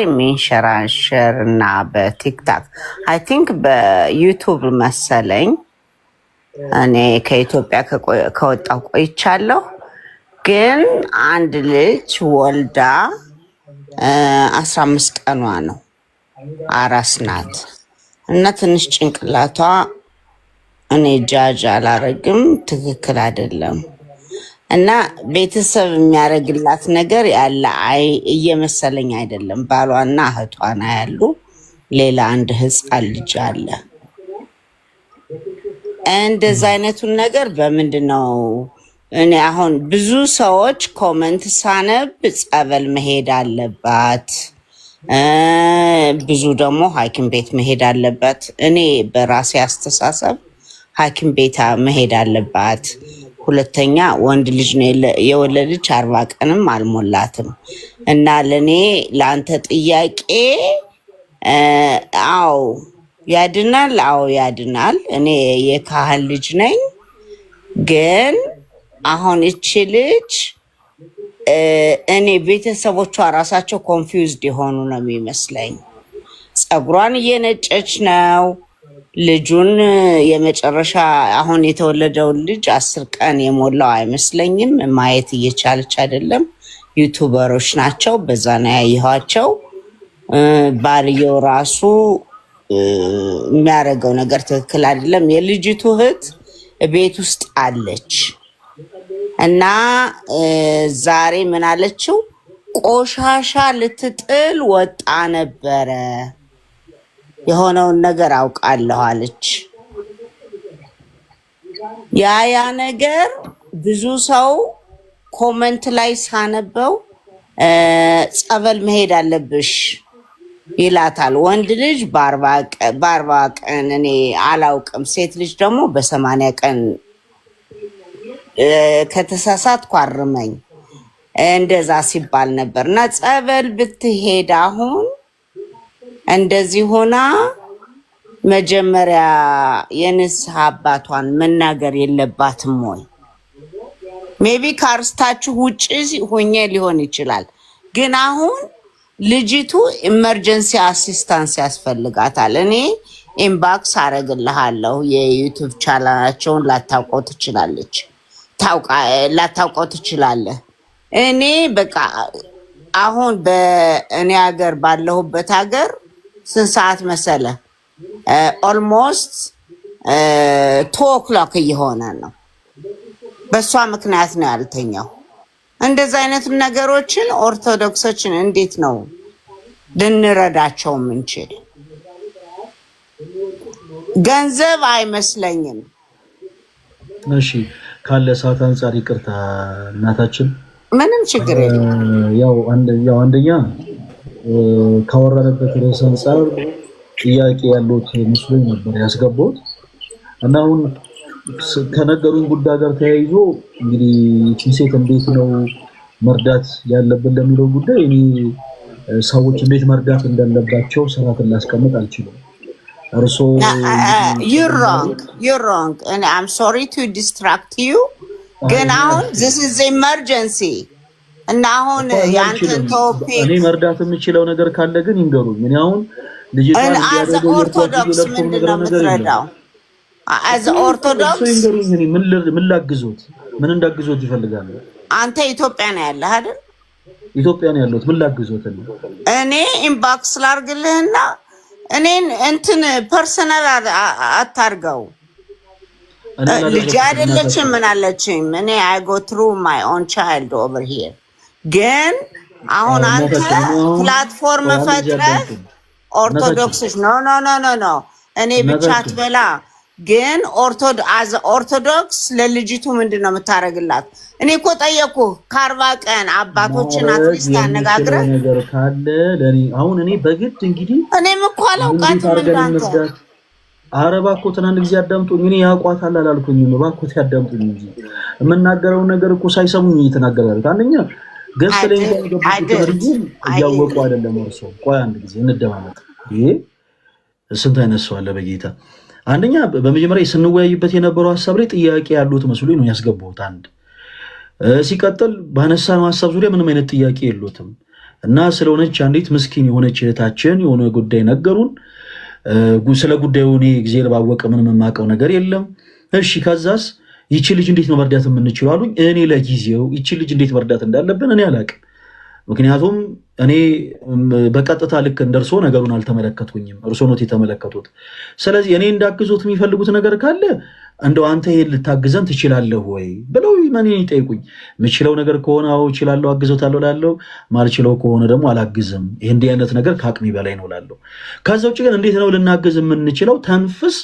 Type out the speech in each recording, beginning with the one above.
የሚንሸራሸር እና በቲክታክ አይ ቲንክ በዩቱብ መሰለኝ። እኔ ከኢትዮጵያ ከወጣው ቆይቻለሁ። ግን አንድ ልጅ ወልዳ አስራ አምስት ቀኗ ነው፣ አራስ ናት እና ትንሽ ጭንቅላቷ እኔ ጃጅ አላረግም፣ ትክክል አይደለም እና ቤተሰብ የሚያደርግላት ነገር ያለ አይ እየመሰለኝ አይደለም። ባሏና እህቷና ያሉ ሌላ አንድ ህፃን ልጅ አለ። እንደዚ አይነቱን ነገር በምንድን ነው እኔ አሁን ብዙ ሰዎች ኮመንት ሳነብ ጸበል መሄድ አለባት፣ ብዙ ደግሞ ሐኪም ቤት መሄድ አለባት። እኔ በራሴ አስተሳሰብ ሐኪም ቤት መሄድ አለባት ሁለተኛ ወንድ ልጅ ነው የወለደች፣ አርባ ቀንም አልሞላትም። እና ለእኔ ለአንተ ጥያቄ አዎ ያድናል፣ አዎ ያድናል። እኔ የካህን ልጅ ነኝ። ግን አሁን እቺ ልጅ እኔ ቤተሰቦቿ ራሳቸው ኮንፊውዝድ የሆኑ ነው የሚመስለኝ። ጸጉሯን እየነጨች ነው ልጁን የመጨረሻ አሁን የተወለደውን ልጅ አስር ቀን የሞላው አይመስለኝም። ማየት እየቻለች አይደለም። ዩቱበሮች ናቸው። በዛ ነው ያየኋቸው። ባልየው ራሱ የሚያደርገው ነገር ትክክል አይደለም። የልጅቱ እህት ቤት ውስጥ አለች እና ዛሬ ምን አለችው? ቆሻሻ ልትጥል ወጣ ነበረ የሆነውን ነገር አውቃለሁ አለች። ያ ያ ነገር ብዙ ሰው ኮመንት ላይ ሳነበው ጸበል መሄድ አለብሽ ይላታል። ወንድ ልጅ በአርባ ቀን እኔ አላውቅም፣ ሴት ልጅ ደግሞ በሰማንያ ቀን ከተሳሳት ኳርመኝ እንደዛ ሲባል ነበር እና ጸበል ብትሄድ አሁን እንደዚህ ሆና መጀመሪያ የንስሐ አባቷን መናገር የለባትም ወይ? ሜቢ ካርስታችሁ ውጭ ሆኜ ሊሆን ይችላል። ግን አሁን ልጅቱ ኢመርጀንሲ አሲስታንስ ያስፈልጋታል። እኔ ኢምባክስ አረግልሃለሁ። የዩቱብ ቻናላቸውን ላታውቀው ትችላለች፣ ላታውቀው ትችላለህ። እኔ በቃ አሁን በእኔ ሀገር ባለሁበት ሀገር ስንት ሰዓት መሰለ? ኦልሞስት ቱ ኦክሎክ እየሆነ ነው። በእሷ ምክንያት ነው ያልተኛው። እንደዚህ አይነት ነገሮችን ኦርቶዶክሶችን እንዴት ነው ልንረዳቸው ምንችል? ገንዘብ አይመስለኝም። እሺ ካለ ሰዓት አንጻር ይቅርታ እናታችን፣ ምንም ችግር የለም። ያው አንደኛ ካወራንበት ርዕስ አንጻር ጥያቄ ያሉት ምስሎኝ ነበር ያስገባሁት እና አሁን ከነገሩን ጉዳይ ጋር ተያይዞ እንግዲህ ይህችን ሴት እንዴት ነው መርዳት ያለብን ለሚለው ጉዳይ እኔ ሰዎች እንዴት መርዳት እንዳለባቸው ስራትን ላስቀምጥ አልችልም። እርሶ uh, uh, uh, ግን አሁን ዚስ ኢዝ እና አሁን ያንተን ቶፒክ እኔ መርዳት የምችለው ነገር ካለ ግን ይንገሩኝ። ምን አሁን ኦርቶዶክስ የምትረዳው? አዝ ኦርቶዶክስ ምን ላግዞት? ምን እንዳግዞት ይፈልጋሉ? አንተ ኢትዮጵያ ነው ያለህ አይደል? ኢትዮጵያ ነው ያለሁት። ምን ላግዞት? እኔ ኢንባክስ ላርግልህና እኔን እንትን ፐርሰናል አታርገው። ልጅ አይደለችም ምን እኔ አይ ጎ ትሩ ማይ ኦን ቻይልድ ኦቨር ሂር ግን አሁን አንተ ፕላትፎርም ፈጥረህ ኦርቶዶክሶች ነው ኖ ኖ ኖ ኖ እኔ ብቻ አትበላ። ግን ኦርቶዶክስ ለልጅቱ ምንድን ነው የምታደርግላት? እኔ እኮ ጠየቅኩ ከአርባ ቀን አባቶችን አትሊስት አነጋግረህ ነገር ካለ ለእኔ አሁን እኔ በግድ እንግዲህ እኔም እኮ አላውቃትም እንዳንተ ኧረ እባክዎት አንድ ጊዜ አዳምጡኝ። እኔ ያውቋታል አላልኩኝም። እባክዎት ያዳምጡኝ እንጂ የምናገረውን ነገር እኮ ሳይሰሙኝ እየተናገረ አንደኛ ገስ ላይ ተደርጉ እያወቁ አይደለም። እርሶ ቆይ አንድ ጊዜ እንደማመጥ ይሄ ስንት አይነት ሰው አለ በጌታ አንደኛ በመጀመሪያ ስንወያይበት የነበረው ሀሳብ ላይ ጥያቄ ያሉት መስሎኝ ነው ያስገባሁት። አንድ ሲቀጥል ነው ሀሳብ ዙሪያ ምንም አይነት ጥያቄ የሉትም እና ስለሆነች አንዲት ምስኪን የሆነች እህታችን የሆነ ጉዳይ ነገሩን። ስለ ጉዳዩ እኔ ጊዜ ለባወቀ ምንም የማውቀው ነገር የለም። እሺ ከዛስ ይቺ ልጅ እንዴት ነው መርዳት የምንችለው አሉኝ። እኔ ለጊዜው ይቺ ልጅ እንዴት መርዳት እንዳለብን እኔ አላቅም። ምክንያቱም እኔ በቀጥታ ልክ እንደርሶ ነገሩን አልተመለከትኩኝም። እርሶ ኖት የተመለከቱት። ስለዚህ እኔ እንዳግዞት የሚፈልጉት ነገር ካለ እንደው አንተ ይሄን ልታግዘን ትችላለህ ወይ ብለው መኔን ይጠይቁኝ። የምችለው ነገር ከሆነ አዎ እችላለሁ፣ አግዘታለሁ ላለው፣ ማልችለው ከሆነ ደግሞ አላግዝም። ይህ እንዲህ አይነት ነገር ከአቅሜ በላይ ነው ላለው። ከዛ ውጭ ግን እንዴት ነው ልናግዝ የምንችለው? ተንፍስ፣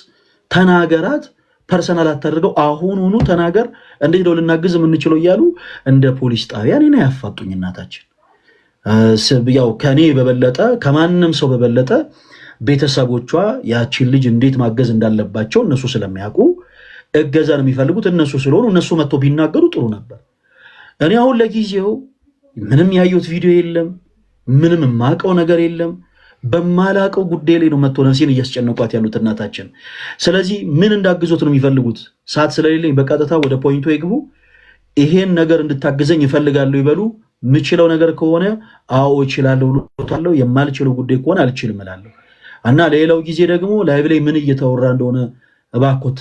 ተናገራት ፐርሰናል አታደርገው። አሁን ተናገር፣ እንዴት ነው ልናግዝ የምንችለው እያሉ እንደ ፖሊስ ጣቢያ እኔን ያፋጡኝ እናታችን። ያው ከኔ በበለጠ ከማንም ሰው በበለጠ ቤተሰቦቿ ያቺን ልጅ እንዴት ማገዝ እንዳለባቸው እነሱ ስለሚያውቁ እገዛን የሚፈልጉት እነሱ ስለሆኑ እነሱ መጥቶ ቢናገሩ ጥሩ ነበር። እኔ አሁን ለጊዜው ምንም ያየሁት ቪዲዮ የለም፣ ምንም የማውቀው ነገር የለም። በማላቀው ጉዳይ ላይ ነው መጥቶ ነፍሴን እያስጨነቋት ያሉት እናታችን። ስለዚህ ምን እንዳግዞት ነው የሚፈልጉት? ሰዓት ስለሌለኝ በቀጥታ ወደ ፖይንቱ ይግቡ። ይሄን ነገር እንድታግዘኝ ይፈልጋሉ ይበሉ። ምችለው ነገር ከሆነ አዎ እችላለሁ ብሎታለሁ። የማልችለው ጉዳይ ከሆነ አልችልም እላለሁ እና ሌላው ጊዜ ደግሞ ላይብ ላይ ምን እየተወራ እንደሆነ እባኮት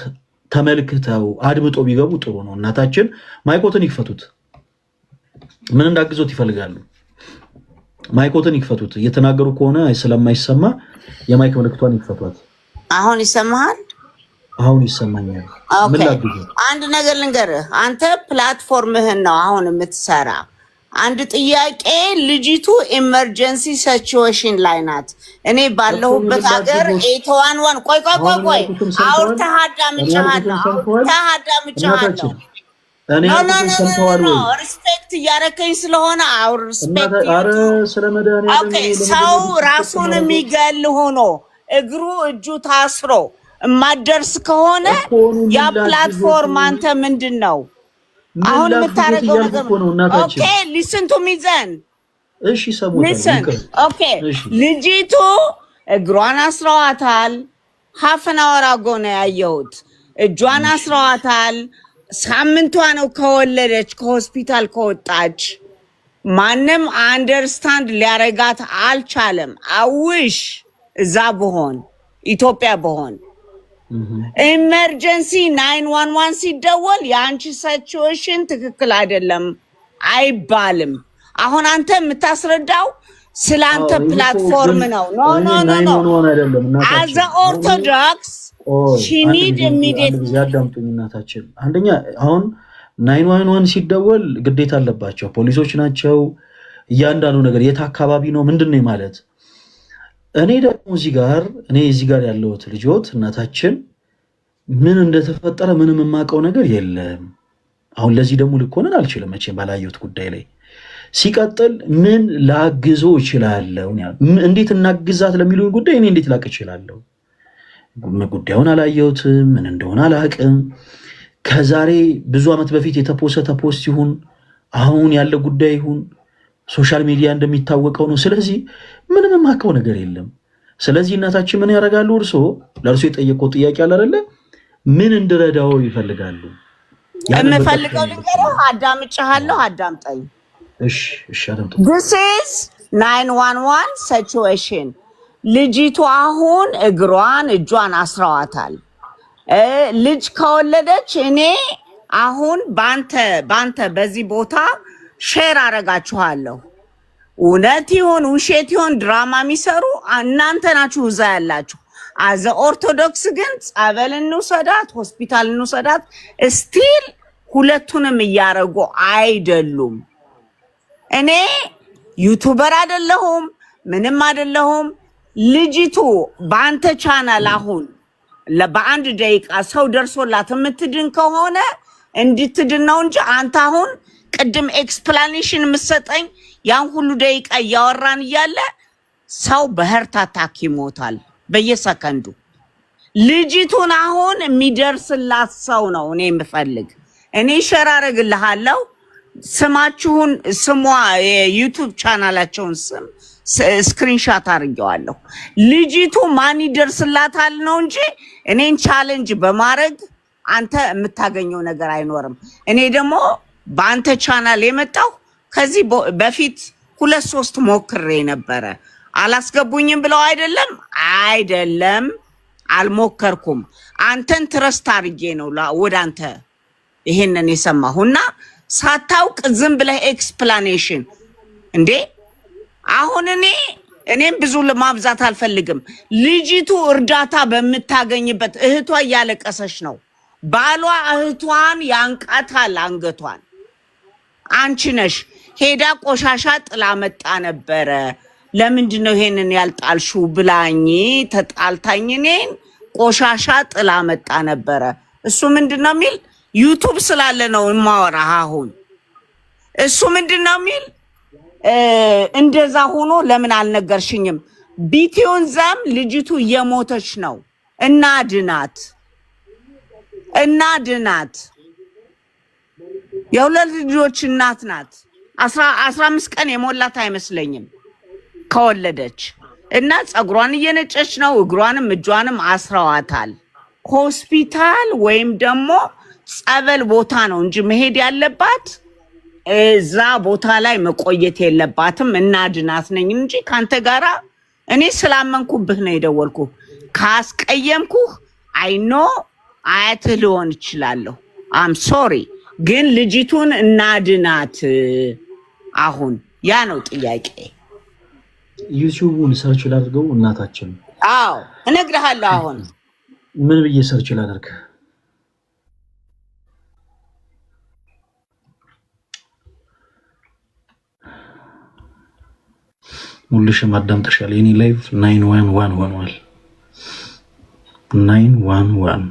ተመልክተው አድምጦ ቢገቡ ጥሩ ነው። እናታችን ማይኮትን ይክፈቱት። ምን እንዳግዞት ይፈልጋሉ? ማይኮትን ይክፈቱት። እየተናገሩ ከሆነ ስለማይሰማ የማይክ ምልክቷን ይክፈቷት። አሁን ይሰማሃል? አሁን ይሰማኛል። አንድ ነገር ልንገርህ፣ አንተ ፕላትፎርምህን ነው አሁን የምትሰራ። አንድ ጥያቄ ልጅቱ ኤመርጀንሲ ሰችዌሽን ላይ ናት። እኔ ባለሁበት ሀገር ኤተዋን ዋን ቆይ ቆይ ቆይ ቆይ አውርተህ አዳምጫሃለሁ አውርተህ አዳምጫሃለሁ ሪስፔክት እያደረከኝ ስለሆነ ሰው ራሱን የሚገል ሆኖ እግሩ እጁ ታስሮ የማደርስ ከሆነ ያ ፕላትፎርም አንተ ምንድን ነው አሁን የምታደርገው ሊስን ቱ ሚዘን ልጅቱ እግሯን አስረዋታል። ሀፍን አወር ነው ያየሁት። እጇን አስረዋታል። ሳምንቷ ነው ከወለደች ከሆስፒታል ከወጣች። ማንም አንደርስታንድ ሊያረጋት አልቻለም። አውሽ እዛ ብሆን ኢትዮጵያ ብሆን ኢመርጀንሲ ናይን ዋን ዋን ሲደወል የአንቺ ሲቹዌሽን ትክክል አይደለም አይባልም። አሁን አንተ የምታስረዳው ስለ አንተ ፕላትፎርም ነው። ኖ ኖ ኖ ኖ አዘ ኦርቶዶክስ ያዳምጡኝ እናታችን። አንደኛ አሁን ናይን ዋን ዋን ሲደወል ግዴታ አለባቸው ፖሊሶች ናቸው። እያንዳንዱ ነገር የት አካባቢ ነው ምንድን ነው ማለት። እኔ ደግሞ እዚህ ጋር እኔ እዚህ ጋር ያለሁት ልጆት እናታችን ምን እንደተፈጠረ ምንም የማውቀው ነገር የለም። አሁን ለዚህ ደግሞ ልኮንን አልችልም መቼም ባላየሁት ጉዳይ ላይ ሲቀጥል ምን ላግዞ እችላለሁ? እንዴት እናግዛት ለሚሉን ጉዳይ እኔ እንዴት ላቅ እችላለሁ? ጉዳዩን አላየሁትም፣ ምን እንደሆነ አላቅም። ከዛሬ ብዙ ዓመት በፊት የተፖሰተ ፖስት ይሁን አሁን ያለ ጉዳይ ይሁን ሶሻል ሚዲያ እንደሚታወቀው ነው። ስለዚህ ምንም የማውቀው ነገር የለም። ስለዚህ እናታችን ምን ያደርጋሉ? እርሶ ለእርሱ የጠየቀው ጥያቄ አለ አይደለ? ምን እንድረዳው ይፈልጋሉ? የምፈልገው ልንገርህ፣ አዳምጭሃለሁ፣ አዳምጠኝ። ናይን ዋን ዋን ሲቹዌሽን ልጅቱ አሁን እግሯን እጇን አስረዋታል። ልጅ ከወለደች እኔ አሁን ባንተ ባንተ በዚህ ቦታ ሼር አረጋችኋለሁ። እውነት ይሁን ውሸት ይሁን ድራማ የሚሰሩ እናንተ ናችሁ እዛ ያላችሁ። አዘ ኦርቶዶክስ ግን ጸበል እንውሰዳት፣ ሆስፒታል እንውሰዳት፣ እስቲል ሁለቱንም እያረጉ አይደሉም። እኔ ዩቱበር አይደለሁም፣ ምንም አይደለሁም። ልጅቱ በአንተ ቻናል አሁን በአንድ ደቂቃ ሰው ደርሶላት የምትድን ከሆነ እንድትድን ነው እንጂ አንተ አሁን ቅድም ኤክስፕላኔሽን የምትሰጠኝ ያን ሁሉ ደቂቃ እያወራን እያለ ሰው በህርት አታክ ይሞታል በየሰከንዱ። ልጅቱን አሁን የሚደርስላት ሰው ነው እኔ የምፈልግ። እኔ ሸር ስማችሁን ስሟ የዩቱብ ቻናላቸውን ስም ስክሪንሻት አድርጌዋለሁ። ልጅቱ ማን ይደርስላታል ነው እንጂ እኔን ቻለንጅ በማድረግ አንተ የምታገኘው ነገር አይኖርም። እኔ ደግሞ በአንተ ቻናል የመጣሁ ከዚህ በፊት ሁለት ሶስት ሞክሬ ነበረ። አላስገቡኝም ብለው አይደለም አይደለም አልሞከርኩም። አንተን ትረስት አድርጌ ነው ወደ አንተ ይሄንን እና። ሳታውቅ ዝም ብለህ ኤክስፕላኔሽን እንዴ! አሁን እኔ እኔም ብዙ ለማብዛት አልፈልግም። ልጅቱ እርዳታ በምታገኝበት እህቷ እያለቀሰች ነው። ባሏ እህቷን ያንቃታል አንገቷን። አንቺ ነሽ ሄዳ ቆሻሻ ጥላ መጣ ነበረ ለምንድን ነው ይሄንን ያልጣልሹ ብላኝ ተጣልታኝ እኔን ቆሻሻ ጥላ መጣ ነበረ። እሱ ምንድን ነው የሚል ዩቱብ ስላለ ነው የማወራ። አሁን እሱ ምንድን ነው የሚል እንደዛ ሆኖ ለምን አልነገርሽኝም? ቢቲዮን ዛም ልጅቱ እየሞተች ነው እና ድናት እና ድናት የሁለት ልጆች እናት ናት። አስራ አምስት ቀን የሞላት አይመስለኝም ከወለደች እና ፀጉሯን እየነጨች ነው። እግሯንም እጇንም አስረዋታል ሆስፒታል ወይም ደግሞ ጸበል ቦታ ነው እንጂ መሄድ ያለባት እዛ ቦታ ላይ መቆየት የለባትም። እናድናት ነኝ እንጂ ከአንተ ጋራ እኔ ስላመንኩብህ ነው የደወልኩ። ካስቀየምኩህ አይኖ አያትህ ሊሆን እችላለሁ። አም ሶሪ ግን ልጅቱን እናድናት። አሁን ያ ነው ጥያቄ። ዩቲዩቡን ሰርች ላድርገው እናታችን? አዎ እነግርሃለሁ። አሁን ምን ብዬ ሰርች ላድርግ? ሁልሽም አዳምጠሻል። የኔ ላይቭ ናይን ዋን ዋን ሆኗል። ናይን ዋን ዋን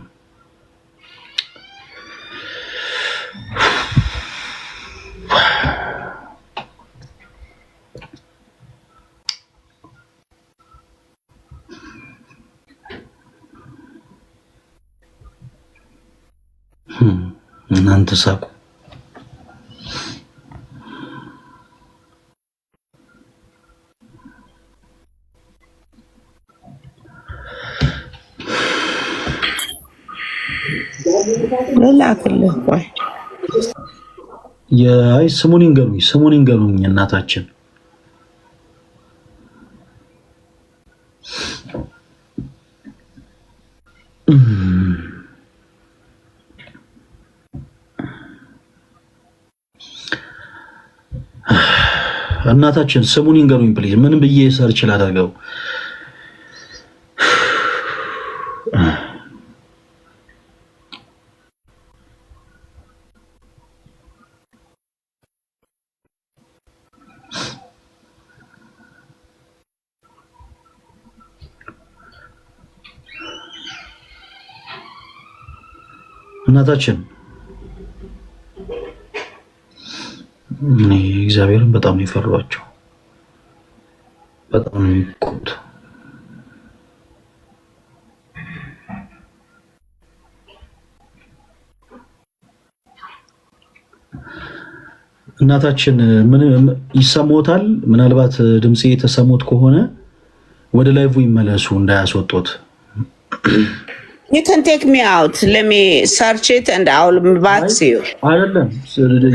እናንተ ሳቁ። አይ ስሙን ይንገሩኝ፣ ስሙን ይንገሩኝ እናታችን እናታችን ስሙን ይንገሩኝ ፕሊዝ። ምን ብዬ ሰርች ላደርገው? በእናታችን እኔ እግዚአብሔርን በጣም ነው የፈሯቸው። በጣም ነው የሚቆጡት። እናታችን ምን ይሰሞታል? ምናልባት ድምፄ የተሰሙት ከሆነ ወደ ላይቭ ይመለሱ እንዳያስወጡት። You can take me out. Let me search it and I'll be back to you. አይደለም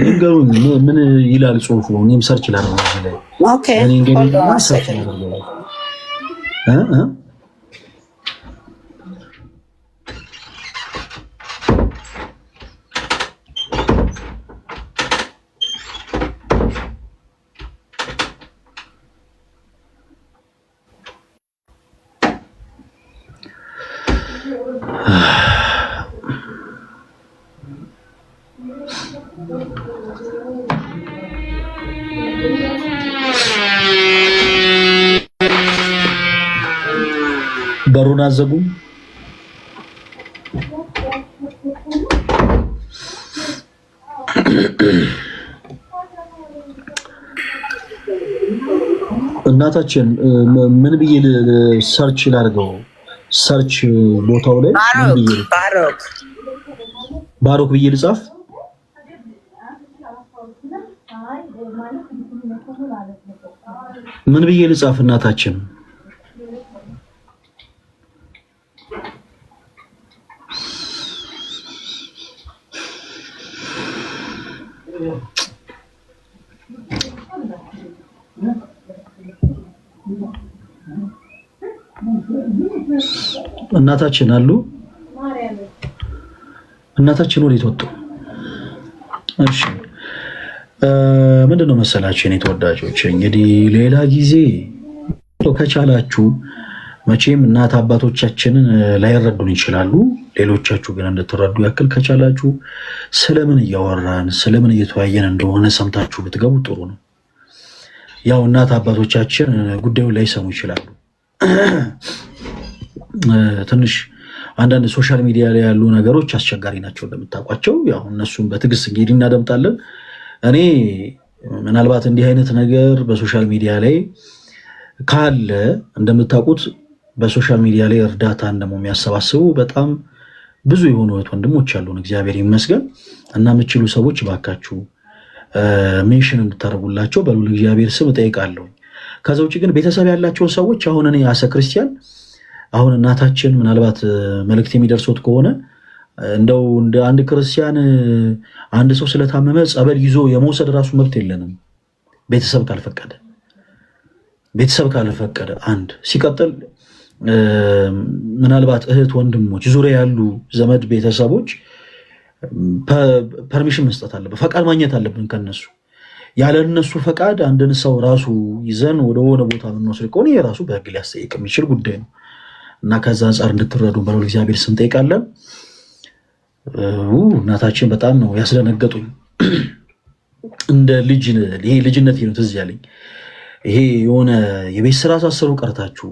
ይንገሩኝ፣ ምን ይላል ጽሁፉ? እኔም ሰርች ላደርግ ኦኬ በሩን አዘጉ። እናታችን ምን ብዬ ሰርች ላድርገው? ሰርች ቦታው ላይ ባሮክ ብዬ ልጻፍ ምን ብዬ ልጻፍ? እናታችን እናታችን አሉ። እናታችን ወዴት ወጡ? እሺ ምንድን ነው መሰላችሁ የኔ ተወዳጆች፣ እንግዲህ ሌላ ጊዜ ከቻላችሁ መቼም እናት አባቶቻችንን ላይረዱን ይችላሉ። ሌሎቻችሁ ግን እንድትረዱ ያክል ከቻላችሁ ስለምን እያወራን ስለምን እየተወያየን እንደሆነ ሰምታችሁ ብትገቡ ጥሩ ነው። ያው እናት አባቶቻችን ጉዳዩን ላይሰሙ ይችላሉ። ትንሽ አንዳንድ ሶሻል ሚዲያ ላይ ያሉ ነገሮች አስቸጋሪ ናቸው እንደምታውቋቸው። ያው እነሱን በትዕግስት እንግዲህ እናደምጣለን። እኔ ምናልባት እንዲህ አይነት ነገር በሶሻል ሚዲያ ላይ ካለ እንደምታውቁት በሶሻል ሚዲያ ላይ እርዳታን ደግሞ የሚያሰባስቡ በጣም ብዙ የሆኑ እህት ወንድሞች አሉን፣ እግዚአብሔር ይመስገን እና የምችሉ ሰዎች ባካችሁ ሜንሽን እንድታደርጉላቸው በሉ እግዚአብሔር ስም እጠይቃለሁ። ከዛ ውጭ ግን ቤተሰብ ያላቸውን ሰዎች አሁን እኔ አሰ ክርስቲያን አሁን እናታችን ምናልባት መልእክት የሚደርሶት ከሆነ እንደው እንደ አንድ ክርስቲያን አንድ ሰው ስለታመመ ጸበል ይዞ የመውሰድ ራሱ መብት የለንም፣ ቤተሰብ ካልፈቀደ ቤተሰብ ካልፈቀደ። አንድ ሲቀጥል ምናልባት እህት ወንድሞች፣ ዙሪያ ያሉ ዘመድ ቤተሰቦች ፐርሚሽን መስጠት አለብን፣ ፈቃድ ማግኘት አለብን ከነሱ። ያለ እነሱ ፈቃድ አንድን ሰው ራሱ ይዘን ወደሆነ ቦታ ምንወስድ ከሆነ የራሱ በህግ ሊያስጠይቅ የሚችል ጉዳይ ነው እና ከዛ አንጻር እንድትረዱ በለው እግዚአብሔር ስንጠይቃለን። እናታችን በጣም ነው ያስደነገጡኝ። እንደ ልጅ ይሄ ልጅነት ነው ትዝ ያለኝ። ይሄ የሆነ የቤት ስራ ሳሰሩ ቀርታችሁ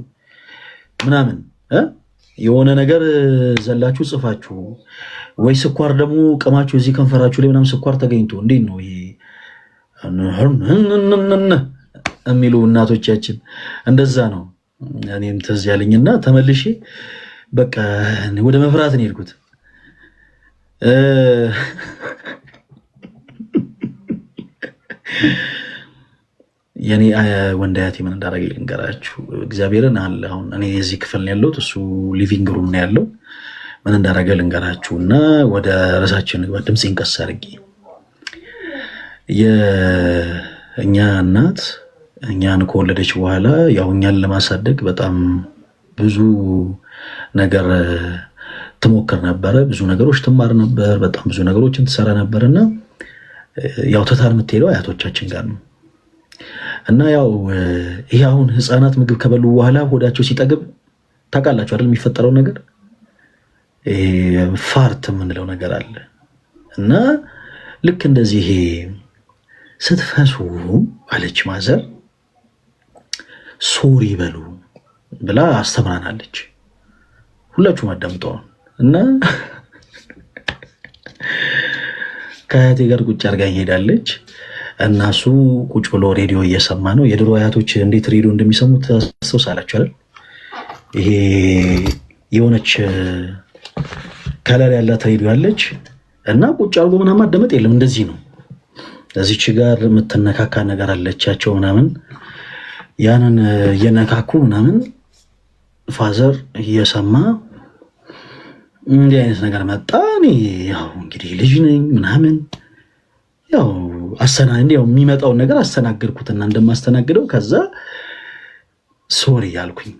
ምናምን የሆነ ነገር ዘላችሁ ጽፋችሁ ወይ ስኳር ደግሞ ቅማችሁ እዚህ ከንፈራችሁ ላይ ምናምን ስኳር ተገኝቶ እንዴት ነው ይሄ የሚሉ እናቶቻችን እንደዛ ነው። እኔም ትዝ ያለኝና ተመልሼ በቃ ወደ መፍራት ነው የሄድኩት። የኔ ወንድ አያቴ ምን እንዳደረገ ልንገራችሁ። እግዚአብሔርን አለ አሁን እኔ የዚህ ክፍል ነው ያለሁት፣ እሱ ሊቪንግ ሩም ነው ያለው። ምን እንዳረገ ልንገራችሁ እና ወደ ርዕሳችን ግባ። ድምፄን ቀስ አድርጌ የእኛ እናት እኛን ከወለደች በኋላ ያው እኛን ለማሳደግ በጣም ብዙ ነገር ትሞክር ነበረ። ብዙ ነገሮች ትማር ነበር። በጣም ብዙ ነገሮችን ትሰራ ነበር እና ያው ትታር የምትሄደው አያቶቻችን ጋር ነው እና ያው ይህ አሁን ህፃናት ምግብ ከበሉ በኋላ ሆዳቸው ሲጠግብ ታውቃላችሁ አይደል? የሚፈጠረው ነገር ፋርት የምንለው ነገር አለ እና ልክ እንደዚህ ስትፈሱ አለች ማዘር ሶሪ በሉ ብላ አስተምራናለች። ሁላችሁም አዳምጠዋል። እና ከአያቴ ጋር ቁጭ አድርጋኝ ሄዳለች። እናሱ ቁጭ ብሎ ሬዲዮ እየሰማ ነው። የድሮ አያቶች እንዴት ሬዲዮ እንደሚሰሙ ታስታውሳላችሁ አይደል? ይሄ የሆነች ከለር ያላት ሬዲዮ አለች። እና ቁጭ አድርጎ ምናምን አደመጥ የለም እንደዚህ ነው። እዚች ጋር የምትነካካ ነገር አለቻቸው ምናምን ያንን እየነካኩ ምናምን ፋዘር እየሰማ እንዲህ አይነት ነገር መጣ። እኔ ያው እንግዲህ ልጅ ነኝ ምናምን ያው አሰና ያው የሚመጣውን ነገር አስተናገድኩትና እንደማስተናግደው ከዛ ሶሪ ያልኩኝ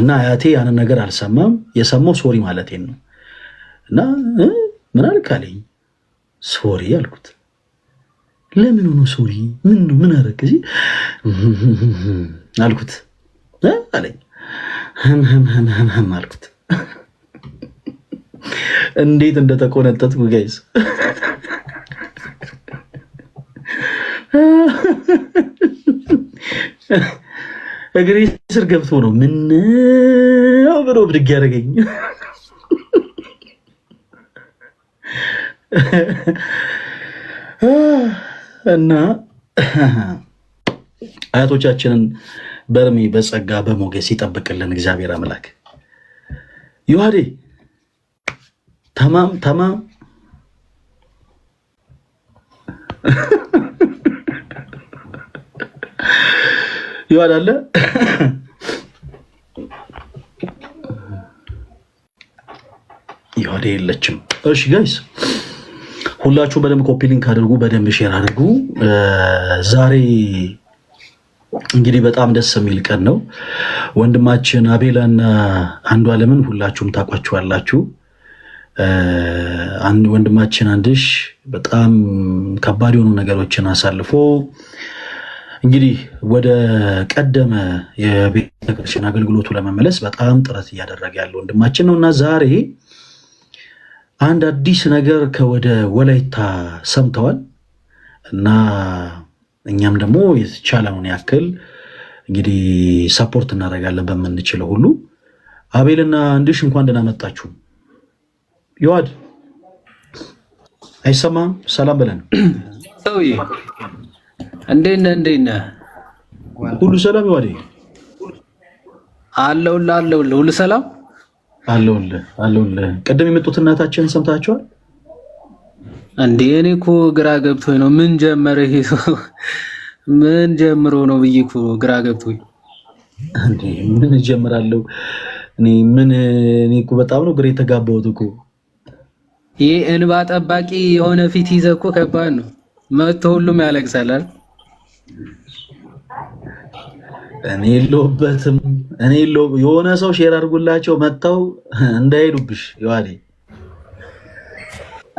እና አያቴ ያንን ነገር አልሰማም። የሰማው ሶሪ ማለት ነው። እና ምን አልካለኝ? ሶሪ አልኩት። ለምን ሆኖ ሶሪ ምን ነው ምን አደረክ እዚህ አልኩት አለኝ። ህም ህም ህም ህም አልኩት እንዴት እንደተቆነጠጥኩ ጋይስ እግሬ ስር ገብቶ ነው ምን ብሎ ብድግ ያደረገኝ። እና አያቶቻችንን በርሜ በጸጋ በሞገስ ይጠብቅልን እግዚአብሔር አምላክ ይዋዴ Tamam tamam. ይዋል አለ የለችም። እሺ ጋይስ ሁላችሁ በደንብ ኮፒ ሊንክ አድርጉ፣ በደንብ ሼር አድርጉ። ዛሬ እንግዲህ በጣም ደስ የሚል ቀን ነው። ወንድማችን አቤላና ለምን ሁላችሁም ታውቋቸዋላችሁ። አንድ ወንድማችን አንድሽ በጣም ከባድ የሆኑ ነገሮችን አሳልፎ እንግዲህ ወደ ቀደመ የቤተክርስቲያን አገልግሎቱ ለመመለስ በጣም ጥረት እያደረገ ያለ ወንድማችን ነው እና ዛሬ አንድ አዲስ ነገር ከወደ ወላይታ ሰምተዋል እና እኛም ደግሞ የተቻለውን ያክል እንግዲህ ሰፖርት እናደርጋለን በምንችለው ሁሉ። አቤልና አንድሽ እንኳን ደህና መጣችሁ። ይዋድ አይሰማም። ሰላም ብለን ሰውዬ እንዴት ነህ? እንዴት ነህ? ሁሉ ሰላም ይዋድ አለሁልህ፣ አለሁልህ፣ ሁሉ ሰላም አለሁልህ፣ አለሁልህ። ቅድም የመጡት እናታችን ሰምታችኋል እንዴ? እኔ እኮ ግራ ገብቶኝ ነው። ምን ጀመረ ይሄ ምን ጀምሮ ነው ብዬ እኮ ግራ ገብቶኝ እንዴ። ምን ጀምራለሁ እኔ ምን እኔ እኮ በጣም ነው ግራ የተጋባሁት እኮ ይህ እንባ ጠባቂ የሆነ ፊት ይዘህ እኮ ከባድ ነው። መጥቶ ሁሉም ያለቅሳላል። እኔ የለሁበትም። እኔ የሆነ ሰው ሼር አድርጉላቸው መጥተው እንዳይሄዱብሽ። ይዋዴ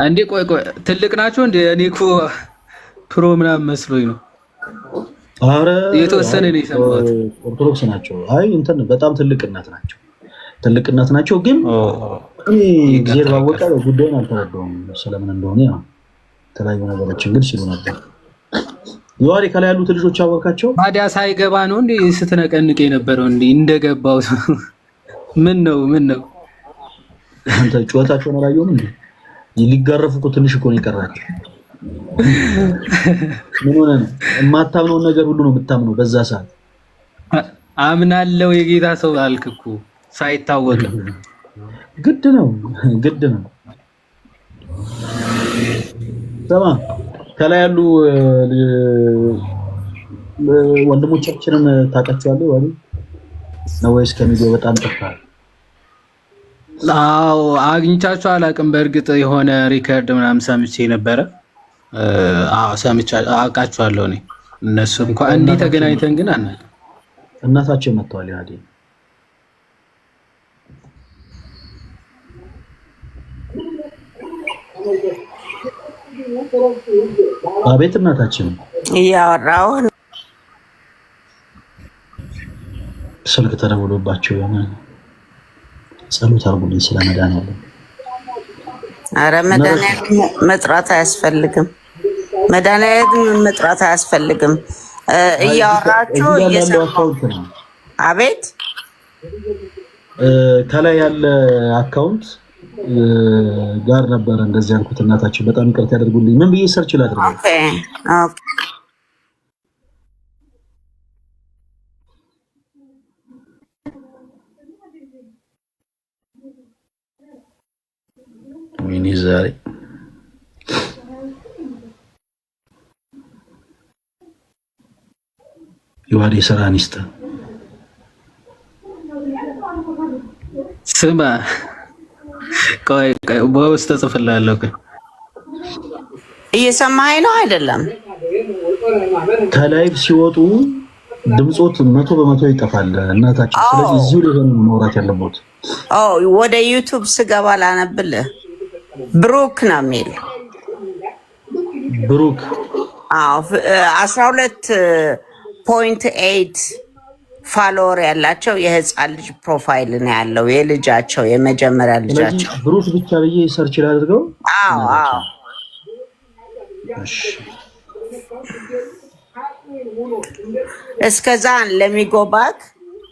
እንዴ ቆይ ቆይ፣ ትልቅ ናቸው እንዴ? እኔ እኮ ፕሮ ምናምን መስሎኝ ነው። አረ የተወሰነ ነው የሰማሁት። ኦርቶዶክስ ናቸው። አይ እንትን በጣም ትልቅነት ናቸው። ትልቅነት ናቸው። ግን ጊዜ ባወቀ ጉዳዩን አልተረዳውም ስለምን እንደሆነ የተለያዩ ነገሮችን ግን ሲሉ ነበር። የዋሪ ከላይ ያሉት ልጆች አወቃቸው። ታዲያ ሳይገባ ነው እንዲ ስትነቀንቅ የነበረው እንዲ እንደገባው ምን ነው ምን ነው አንተ ጩኸታቸውን አላየሁም እንዴ? ሊጋረፉ እኮ ትንሽ እኮ ነው የቀራቸው። ምን ሆነ ነው የማታምነውን ነገር ሁሉ ነው የምታምነው በዛ ሰዓት። አምናለው የጌታ ሰው አልክ እኮ ሳይታወቅ ግድ ነው ግድ ነው። ስማ ከላይ ያሉ ወንድሞቻችንን ታውቃቸዋለህ ወይ ነው ወይስ ከሚዲያው በጣም ጠፍተሃል? አዎ አግኝቻቸው አላውቅም። በእርግጥ የሆነ ሪከርድ ምናምን ሰምቼ ነበረ። አዎ ሰምቼ አውቃቸዋለሁ እኔ እነሱ እንኳን እንዲህ ተገናኝተን ግን አናውቅም። እናታቸው መጥተዋል ይሄ አቤት እናታችን እያወራው ስልክ ተደውሎባቸው የሆነ ጸሎት አርጉልኝ ስለ መድኃኒዓለም። አረ መድኃኒዓለም መጥራት አያስፈልግም። መድኃኒዓለም መጥራት አያስፈልግም። እያወራችሁ አቤት ከላይ ያለ አካውንት ጋር ነበረ እንደዚህ ያልኩት። እናታችን በጣም ይቅርታ ያደርጉልኝ። ምን ብዬ ሰርች ላድርግ? ሚኒ ዛሬ የዋዴ ስራ አኒስታ ስማ በውስጥ እጽፍልሃለሁ። ግን እየሰማኸኝ ነው አይደለም? ከላይቭ ሲወጡ ድምጾት መቶ በመቶ ይጠፋል እናታችን። ስለዚህ እዚሁ ሊሆን መውራት ያለበት ወደ ዩቱብ ስገባ ላነብልህ። ብሩክ ነው የሚል ብሩክ አስራ ሁለት ፖይንት ኤይት ፋሎወር ያላቸው የህፃን ልጅ ፕሮፋይል ነው ያለው። የልጃቸው የመጀመሪያ ልጃቸው ብሩክ ብቻ ብዬ ሰርች ላድርገው። አዎ አዎ፣ እስከዛን ለሚጎባክ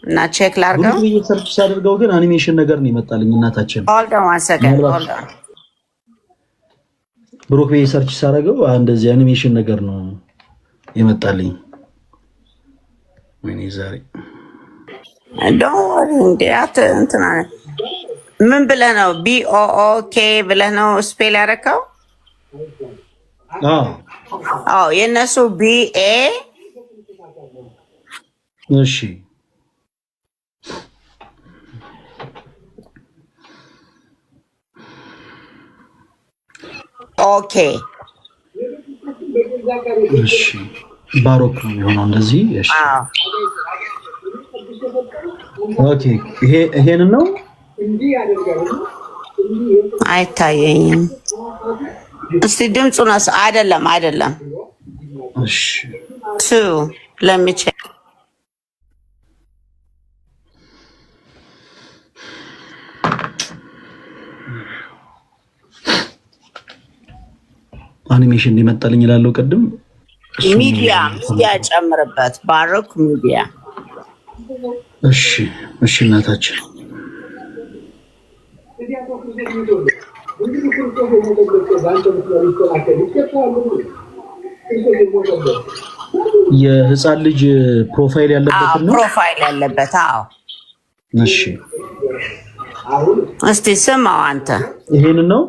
እና ቼክ ላድርገው። ብሩክ ብዬ ሰርች ሳድርገው ግን አኒሜሽን ነገር ነው ይመጣልኝ። እናታችን ብሩክ ብዬ ሰርች ሳደርገው እንደዚህ አኒሜሽን ነገር ነው ይመጣልኝ። ወይኔ ዛሬ ምን ብለህ ነው ቢኦኦኬ ብለህ ነው ስፔል ያደረከው? አዎ የእነሱ ቢኤ እሺ ኦኬ ባሮክ ነው የሚሆነው። እንደዚህ ኦኬ። ይሄ ይሄን ነው አይታየኝም። እስቲ ድምፁን አይደለም፣ አይደለም። እሺ ቱ ለሚቼ አኒሜሽን እንዲመጣልኝ ይላለው ቅድም ሚዲያ ሚዲያ ጨምርበት። ባሮክ ሚዲያ። እሺ፣ እሺ እናታችን የህፃን ልጅ ፕሮፋይል ያለበት ነው። ፕሮፋይል ያለበት አዎ። እሺ፣ እስቲ ስማው አንተ ይሄንን ነው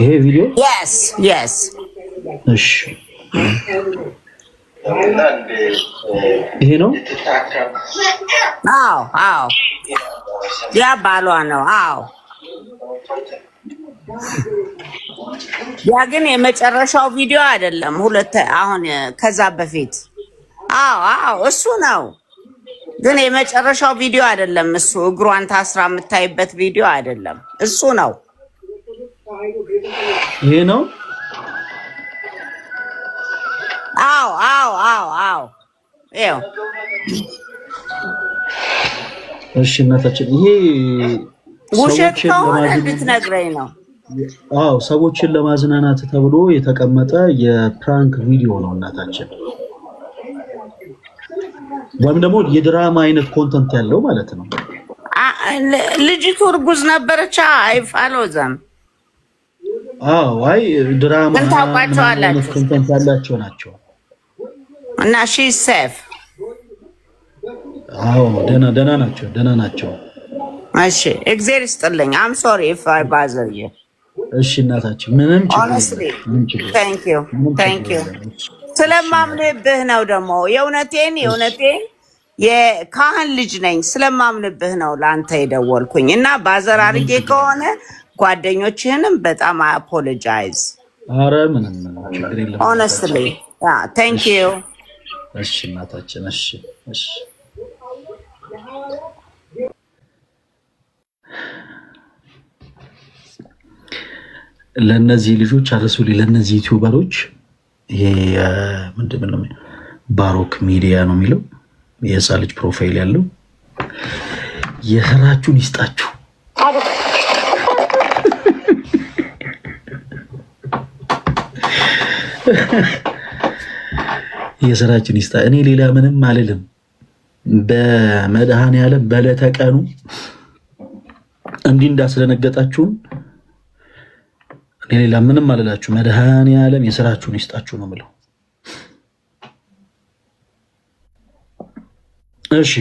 ይሄ ቪዲዮ። የስ የስ እሺ ይሄ ነው። አዎ አዎ፣ ያ ባሏ ነው። አዎ ያ ግን የመጨረሻው ቪዲዮ አይደለም። ሁለት አሁን ከዛ በፊት አዎ አዎ፣ እሱ ነው። ግን የመጨረሻው ቪዲዮ አይደለም እሱ እግሯን ታስራ የምታይበት ቪዲዮ አይደለም። እሱ ነው። ይሄ ነው። አዎ አዎ አዎ አዎ። ይኸው እሺ፣ እናታችን ይሄ ውሸት ከሆነ እንድትነግረኝ ነው። አዎ ሰዎችን ለማዝናናት ተብሎ የተቀመጠ የፕራንክ ቪዲዮ ነው እናታችን፣ ወይም ደግሞ የድራማ አይነት ኮንተንት ያለው ማለት ነው። ልጅቱ እርጉዝ ነበረች። አይፋሎዘም አዎ፣ አይ ድራማ ኮንተንት ያላቸው ናቸው። እና ሺ ሴፍ አዎ፣ ደና ደና ናቸው፣ ደና ናቸው። እሺ፣ እግዚአብሔር ይስጥልኝ። አም ሶሪ ኢፍ አይ ባዘር ዩ። እሺ እናታችን፣ ምንም ስለማምንብህ ነው ደግሞ የእውነቴን የእውነቴን የካህን ልጅ ነኝ ስለማምንብህ ነው ለአንተ የደወልኩኝ እና ባዘር አድርጌ ከሆነ ጓደኞችህንም በጣም አፖሎጃይዝ። አረ ምንም ችግር የለም ታንክ ዩ እሺ እናታችን፣ እሺ እሺ። ለእነዚህ ልጆች አረሱ ለእነዚህ ዩቲዩበሮች ይሄ ምንድን ነው ባሮክ ሚዲያ ነው የሚለው የህፃ ልጅ ፕሮፋይል ያለው የስራችሁን ይስጣችሁ። የስራችን ይስጣ። እኔ ሌላ ምንም አልልም። በመድሃን ዓለም በለተቀኑ ቀኑ እንዲህ እንዳስደነገጣችሁን እኔ ሌላ ምንም አልላችሁ። መድሃን ያለም የስራችሁን ይስጣችሁ ነው ምለው። እሺ